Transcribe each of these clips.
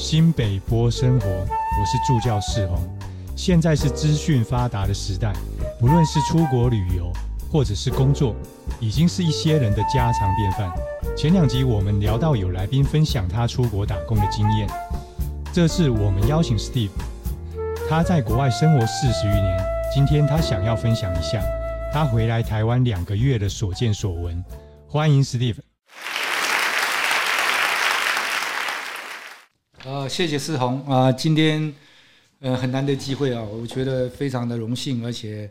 新北波生活，我是助教世宏。現在是資訊發達的時代，不論是出國旅遊或者是工作，已經是一些人的家常便飯。前兩集我們聊到有來賓分享他出國打工的經驗，這次我們邀請 Steve，他在國外生活四十餘年，今天他想要分享一下他回來台灣兩個月的所見所聞。歡迎 Steve。啊、呃，謝謝思紅啊！今天呃很難得機會啊，我覺得非常的榮幸，而且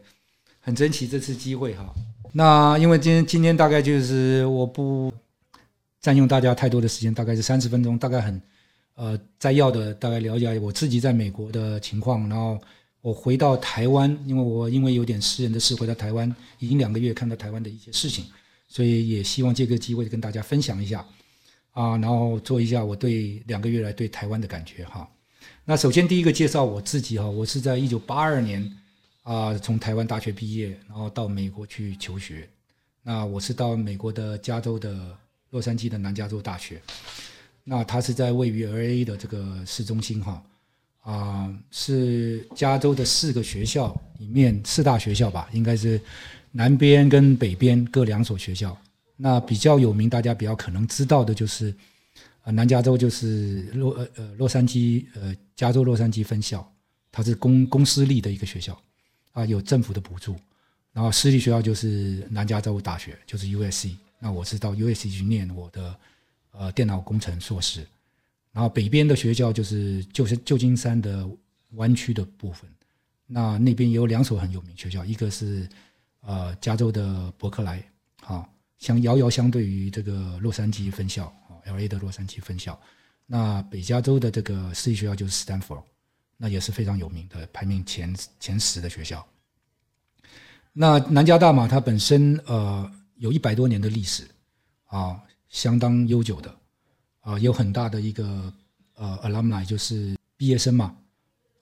很珍惜這次機會哈。那因為今天今天大概就是我不佔用大家太多的時間，大概是三十分鐘，大概很呃摘要的大概了解我自己在美國的情況，然後我回到台灣，因為我因為有點私人的事回到台灣，已經兩個月，看到台灣的一些事情，所以也希望借這個機會跟大家分享一下。啊，然後做一下我對兩個月來對台灣的感覺哈。那首先第一個介紹我自己哈，我是在一九八二年啊、呃、從台灣大學畢業，然後到美國去求學。那我是到美國的加州的洛杉磯的南加州大學，那它是在位於 LA 的這個市中心哈啊、呃，是加州的四個學校裡面四大學校吧，應該是南邊跟北邊各兩所學校。那比較有名，大家比較可能知道的就是，啊，南加州就是洛呃呃洛杉磯呃加州洛杉磯分校，它是公公私立的一個學校，啊，有政府的補助，然後私立學校就是南加州大學，就是 USC。那我是到 USC 去念我的呃電腦工程碩士，然後北邊的學校就是舊舊金山的灣區的部分，那那邊也有兩所很有名學校，一個是呃加州的伯克萊，啊。像遙遙相對於這個洛杉磯分校啊，L.A. 的洛杉磯分校，那北加州的這個私立學校就是 Stanford 那也是非常有名的，排名前前十的學校。那南加大嘛，它本身呃有一百多年的歷史啊、呃，相當悠久的啊、呃，有很大的一個呃 alumni 就是畢業生嘛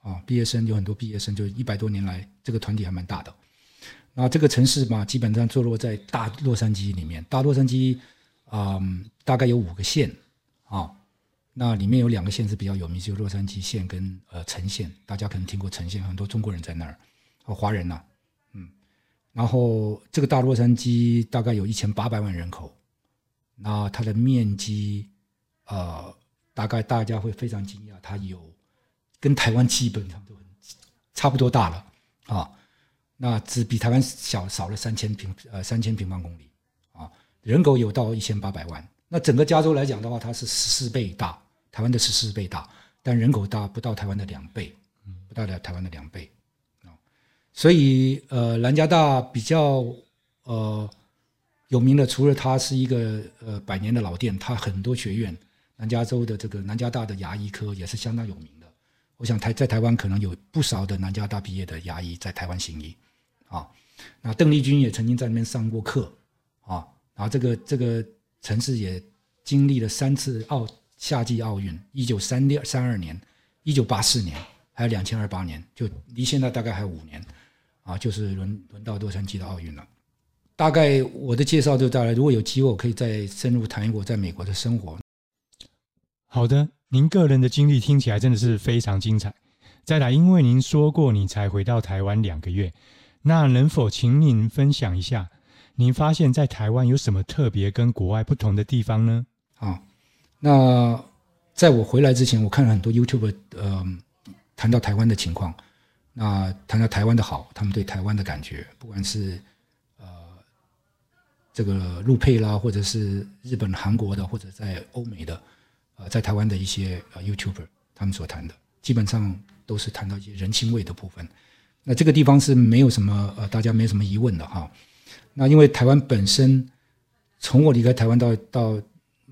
啊、呃，畢業生有很多畢業生，就一百多年來這個團體還蠻大的。啊，這個城市嘛，基本上坐落在大洛杉磯裡面。大洛杉磯，嗯，大概有五個縣，啊，那裡面有兩個縣是比較有名，就是洛杉磯縣跟呃橙縣。大家可能聽過橙縣，很多中國人在那兒、啊，華人吶、啊，嗯。然後這個大洛杉磯大概有一千八百萬人口，那它的面積，呃，大概大家會非常驚訝，它有跟台灣基本上都很差不多大了，啊。那只比台灣小少了三千平呃三千平方公里啊，人口有到一千八百萬。那整個加州來講的話，它是十四倍大，台灣的十四倍大，但人口大不到台灣的兩倍，不到台灣的兩倍啊。所以呃南加大比較呃有名的，除了它是一個呃百年的老店，它很多學院，南加州的這個南加大的牙醫科也是相當有名的。我想台在台灣可能有不少的南加大畢業的牙醫在台灣行醫。啊，那鄧麗君也曾經在那邊上過課，啊，然、啊、後這個這個城市也經歷了三次奧夏季奧運，一九三六、三二年，一九八四年，還有兩千二八年，就離現在大概還有五年，啊，就是輪輪到洛杉磯的奧運了。大概我的介紹就到啦，如果有機會，我可以再深入談一談我在美國的生活。好的，您個人的經歷聽起來真的是非常精彩。再來，因為您說過你才回到台灣兩個月。那能否請您分享一下，您發現在台灣有什麼特別跟國外不同的地方呢？啊，那在我回來之前，我看了很多 YouTuber，嗯、呃，談到台灣的情況，那談到台灣的好，他們對台灣的感覺，不管是呃這個陸配啦，或者是日本、韓國的，或者在歐美的，呃，在台灣的一些呃 YouTuber，他們所談的，基本上都是談到一些人情味的部分。那這個地方是沒有什麼呃，大家沒有什麼疑問的哈。那因為台灣本身，從我離開台灣到到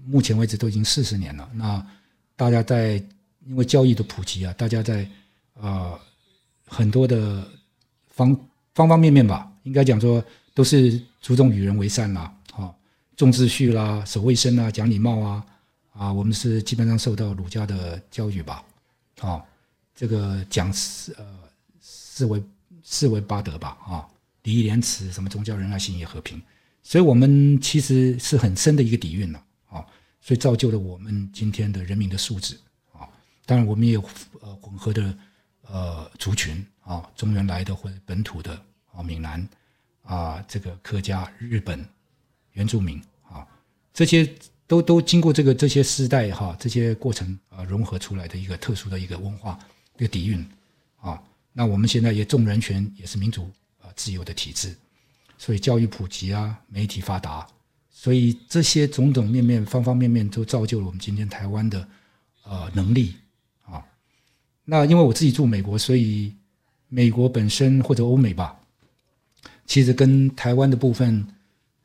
目前為止都已經四十年了。那大家在因為教育的普及啊，大家在啊、呃、很多的方方方面面吧，應該講說都是注重與人為善啦、啊，好、哦，重秩序啦、啊，守衛生啦、啊，講禮貌啊啊，我們是基本上受到儒家的教育吧，啊、哦，這個講是呃。四維四維八德吧啊，禮義廉恥，什麼忠孝仁愛、信、啊、義、和平，所以我們其實是很深的一個底蘊了啊，啊，所以造就了我們今天的人民的素質啊。當然，我們也有呃混合的呃族群啊，中原來的或者本土的啊，閩南啊，這個客家、日本原住民啊，這些都都經過這個這些世代哈、啊、這些過程啊融合出來的一個特殊的一個文化一、這個底蘊啊。那我們現在也重人權，也是民主啊、自由的體制，所以教育普及啊，媒體發達，所以這些種種面面、方方面面都造就了我們今天台灣的呃能力啊。那因為我自己住美國，所以美國本身或者歐美吧，其實跟台灣的部分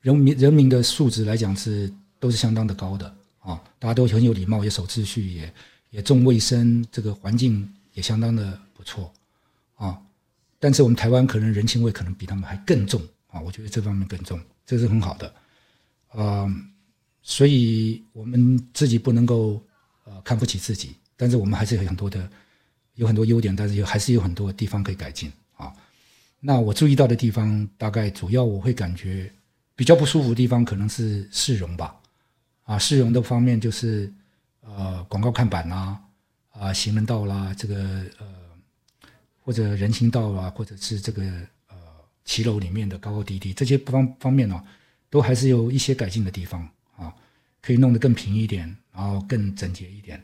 人民人民的素質來講是都是相當的高的啊，大家都很有禮貌，也守秩序，也也重衛生，這個環境也相當的不錯。啊，但是我們台灣可能人情味可能比他們還更重啊，我覺得這方面更重，這是很好的。啊、嗯，所以我們自己不能夠呃看不起自己，但是我們還是有很多的有很多優點，但是有還是有很多地方可以改進啊。那我注意到的地方，大概主要我會感覺比較不舒服的地方，可能是市容吧。啊，市容的方面就是呃廣告看板啦、啊，啊、呃、行人道啦、啊，這個呃。或者人行道啊，或者是這個呃騎樓裡面的高高低低這些方方面呢、啊，都還是有一些改進的地方啊，可以弄得更平一點，然後更整潔一點。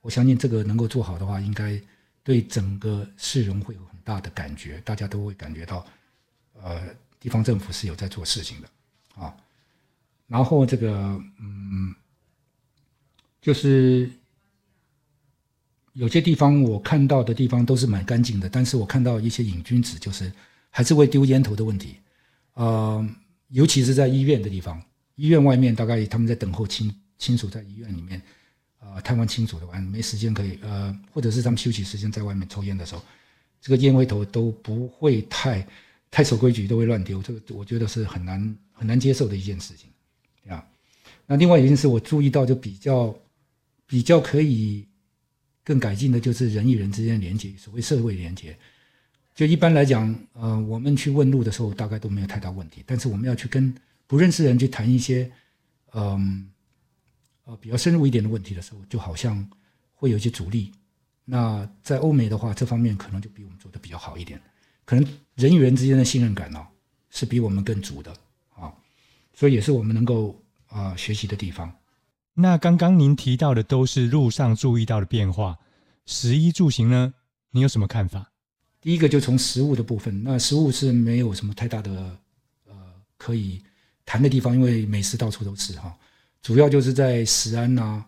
我相信這個能夠做好的話，應該對整個市容會有很大的感覺，大家都會感覺到，呃，地方政府是有在做事情的啊。然後這個嗯，就是。有些地方我看到的地方都是蠻乾淨的，但是我看到一些癮君子就是還是會丟煙頭的問題，呃，尤其是在醫院的地方，醫院外面大概他們在等候親親屬在醫院裡面，呃，探望親屬的話沒時間可以呃，或者是他們休息時間在外面抽煙的時候，這個煙灰頭都不會太太守規矩，都會亂丟，這個我覺得是很難很難接受的一件事情，啊，那另外一件事我注意到就比較比較可以。更改進的就是人與人之間的連接，所謂社會連接。就一般來講，呃，我們去問路的時候，大概都沒有太大問題。但是我們要去跟不認識的人去談一些，嗯、呃，呃，比較深入一點的問題的時候，就好像會有一些阻力。那在歐美的話，這方面可能就比我們做得比較好一點，可能人與人之間的信任感啊、哦，是比我們更足的啊，所以也是我們能夠啊、呃，學習的地方。那剛剛您提到的都是路上注意到的變化，食衣住行呢？你有什麼看法？第一個就從食物的部分，那食物是沒有什麼太大的呃可以談的地方，因為美食到處都是哈、啊。主要就是在食安啊，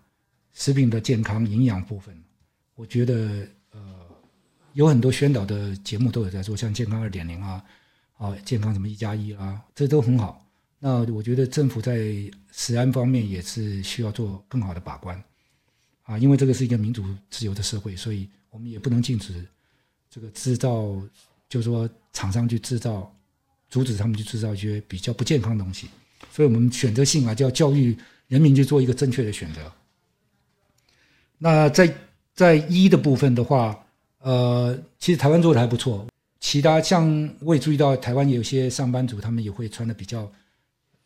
食品的健康營養部分，我覺得呃有很多宣導的節目都有在做，像健康二點零啊，啊健康什麼一加一啊，這都很好。那我覺得政府在食安方面也是需要做更好的把關，啊，因為這個是一個民主自由的社會，所以我們也不能禁止這個製造，就是說廠商去製造，阻止他們去製造一些比較不健康的東西。所以我們選擇性啊，就要教育人民去做一個正確的選擇。那在在衣的部分的話，呃，其實台灣做的還不錯，其他像我也注意到，台灣有些上班族他們也會穿的比較。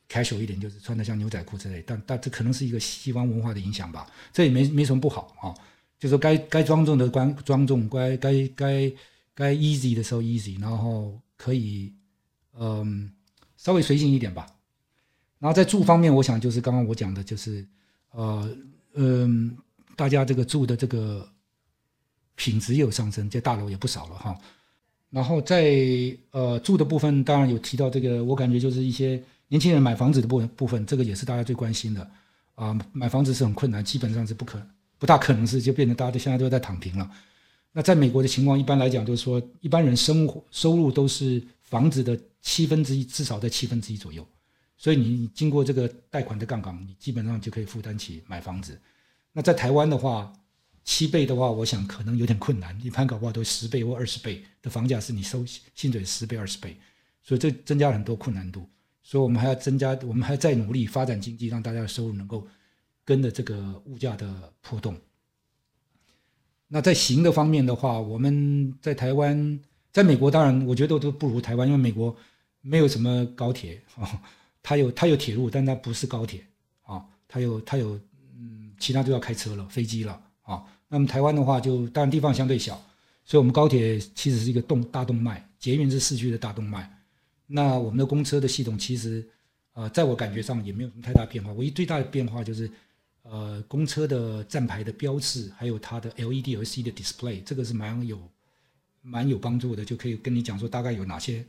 casual 一點就是穿得像牛仔褲之類，但但這可能是一個西方文化的影響吧，這也沒沒什麼不好啊、哦，就是該該莊重的莊莊重，該該該該 easy 的時候 easy，然後可以嗯、呃、稍微隨性一點吧。然後在住方面，我想就是剛剛我講的，就是呃嗯、呃，大家這個住的這個品質也有上升，這大樓也不少了哈。然後在呃住的部分，當然有提到這個，我感覺就是一些。年輕人買房子的部分部分，這個也是大家最關心的，啊，買房子是很困難，基本上是不可不大可能是就變成大家都現在都在躺平了。那在美國的情況，一般來講就是說，一般人生活收入都是房子的七分之一，至少在七分之一左右，所以你，你經過這個貸款的槓桿，你基本上就可以負擔起買房子。那在台灣的話，七倍的話，我想可能有點困難，一般搞不好都十倍或二十倍的房價是你收薪水十倍二十倍，所以這增加了很多困難度。所以，我們還要增加，我們還要再努力發展經濟，讓大家的收入能夠跟着這個物價的波動。那在行的方面的話，我們在台灣，在美國，當然我覺得都不如台灣，因為美國沒有什麼高鐵哦，它有它有鐵路，但它不是高鐵啊、哦，它有它有嗯，其他都要開車了，飛機了啊、哦。那麼台灣的話就，就當然地方相對小，所以我們高鐵其實是一個動大動脈，捷運是市區的大動脈。那我們的公車的系統其實，呃，在我感覺上也沒有什麼太大變化。唯一最大的變化就是，呃，公車的站牌的標誌，還有它的 LED 和 C 的 display，這個是蠻有蠻有幫助的。就可以跟你講說大概有哪些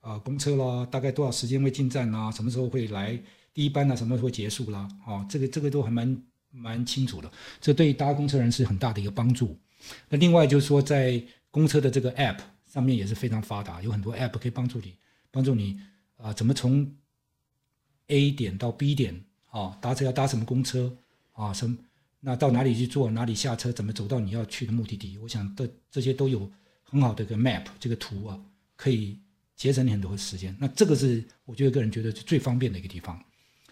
呃公車啦，大概多少時間會進站啦，什麼時候會來第一班啊，什麼時候會結束啦，哦，啊，這個這個都還蠻蠻清楚的。這對於搭公車人是很大的一個幫助。那另外就是說，在公車的這個 app 上面也是非常發達，有很多 app 可以幫助你。幫助你啊，怎麼從 A 點到 B 點啊？搭車要搭什麼公車啊？什麼，那到哪裡去坐？哪裡下車？怎麼走到你要去的目的地？我想這這些都有很好的一個 map，這個圖啊，可以節省你很多的時間。那這個是我覺得個人覺得最方便的一個地方。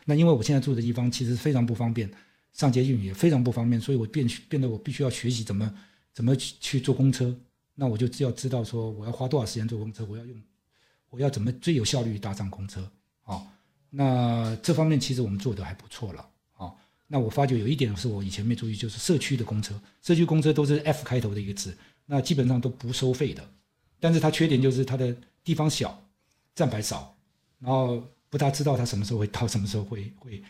那因為我現在住的地方其實非常不方便，上街用也非常不方便，所以我變變得我必須要學習怎麼怎麼去去坐公車。那我就只要知道說我要花多少時間坐公車，我要用。我要怎麼最有效率搭上公車？啊，那這方面其實我們做得還不錯了。啊，那我發覺有一點是我以前沒注意，就是社區的公車，社區公車都是 F 開頭的一個字，那基本上都不收費的。但是它缺點就是它的地方小，站牌少，然後不大知道它什麼時候會到，什麼時候會會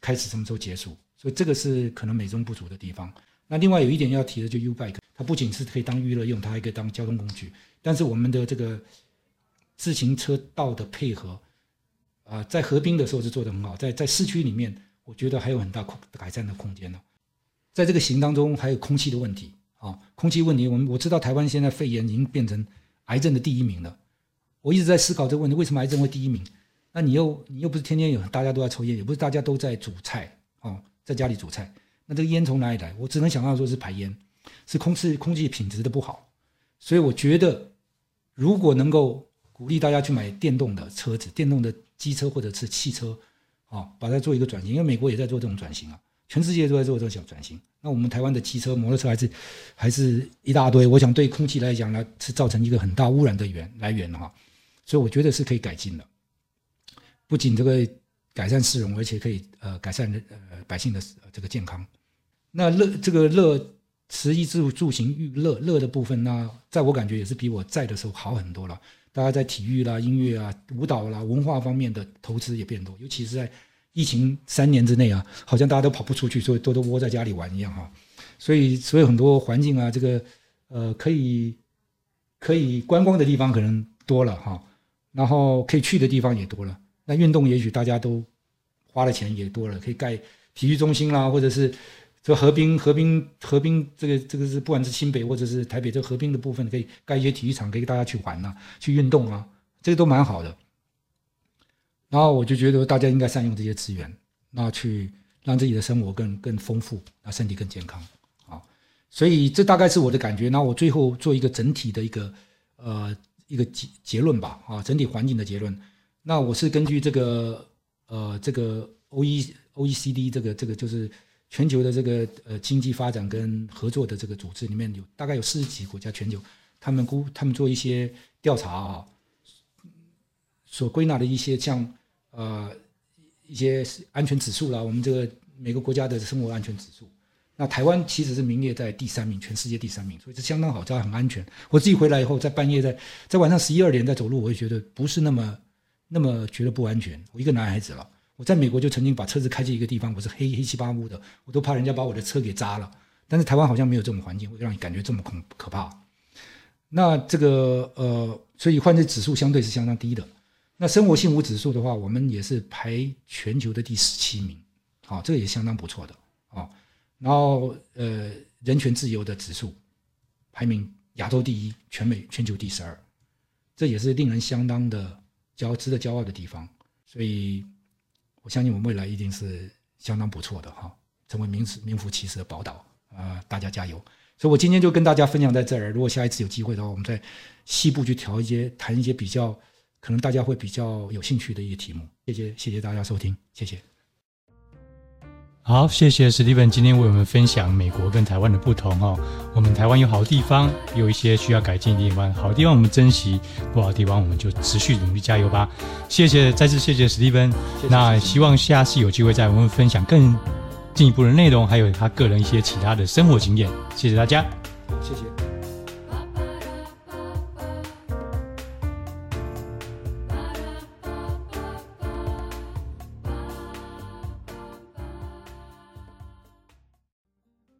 開始，什麼時候結束。所以這個是可能美中不足的地方。那另外有一點要提的就是 U bike，它不僅是可以當娛樂用，它還可以當交通工具。但是我們的這個。自行車道的配合，啊，在河濱的時候是做得很好，在在市區裡面，我覺得還有很大改善的空間呢。在這個行當中，還有空氣的問題啊，空氣問題。我們我知道台灣現在肺炎已經變成癌症的第一名了。我一直在思考這個問題，為什麼癌症會第一名？那你又你又不是天天有，大家都在抽菸，也不是大家都在煮菜啊，在家裡煮菜，那這個煙從哪裡來？我只能想到說是排煙，是空氣空氣品質的不好。所以我覺得，如果能夠鼓勵大家去買電動的車子、電動的機車或者是汽車，啊，把它做一個轉型，因為美國也在做這種轉型啊，全世界都在做這種小轉型。那我們台灣的汽車、摩托車還是還是一大堆，我想對空氣來講呢，是造成一個很大污染的源來源哈、啊。所以我覺得是可以改進的，不僅這個改善市容，而且可以呃改善呃百姓的這個健康。那樂這個樂，食衣住住行育樂樂的部分呢，在我感覺也是比我在的時候好很多了。大家在體育啦、音樂啊、舞蹈啦、文化方面的投資也變多，尤其是在疫情三年之內啊，好像大家都跑不出去，所以都都窩在家裡玩一樣哈、啊，所以所以很多環境啊，這個呃可以可以觀光的地方可能多了哈、啊，然後可以去的地方也多了，那運動也許大家都花的錢也多了，可以蓋體育中心啦、啊，或者是。這河濱河濱河濱，這個這個是不管是新北或者是台北，這河濱的部分可以蓋一些體育場，可以大家去玩吶、啊，去運動啊，這個都蠻好的。然後我就覺得大家應該善用這些資源，那去讓自己的生活更更豐富，那身體更健康啊。所以這大概是我的感覺。那我最後做一個整體的一個呃一個結結論吧啊，整體環境的結論。那我是根據這個呃這個 OE OECD 這個這個就是。全球的這個呃經濟發展跟合作的這個組織裡面，有大概有四十幾國家，全球他們估他們做一些調查啊，所歸納的一些像呃一些安全指數啦，我們這個每個國家的生活安全指數。那台灣其實是名列在第三名，全世界第三名，所以這相當好，這樣很安全。我自己回來以後，在半夜在在晚上十一二點在走路，我也覺得不是那麼那麼覺得不安全，我一個男孩子了。我在美國就曾經把車子開進一個地方，我是黑黑漆八烏的，我都怕人家把我的車給砸了。但是台灣好像沒有這種環境，會讓你感覺這麼恐可怕。那這個呃，所以犯罪指數相對是相當低的。那生活幸福指數的話，我們也是排全球的第十七名，好、哦，這個也相當不錯的啊、哦，然後呃，人權自由的指數排名亞洲第一，全美全球第十二，這也是令人相當的驕值得驕傲的地方。所以。我相信我們未來一定是相當不錯的哈，成為名實名副其實的寶島啊、呃！大家加油！所以，我今天就跟大家分享在這兒。如果下一次有機會的話，我們再細部去調一些，談一些比較可能大家會比較有興趣的一些題目。謝謝，謝謝大家收聽，謝謝。好，謝謝史蒂芬今天為我們分享美國跟台灣的不同哦。我們台灣有好地方，有一些需要改進的地方。好地方我們珍惜，不好的地方我們就持續努力加油吧。謝謝，再次謝謝史蒂芬。那希望下次有機會再我們分享更進一步的內容，還有他個人一些其他的生活經驗。謝謝大家，謝謝。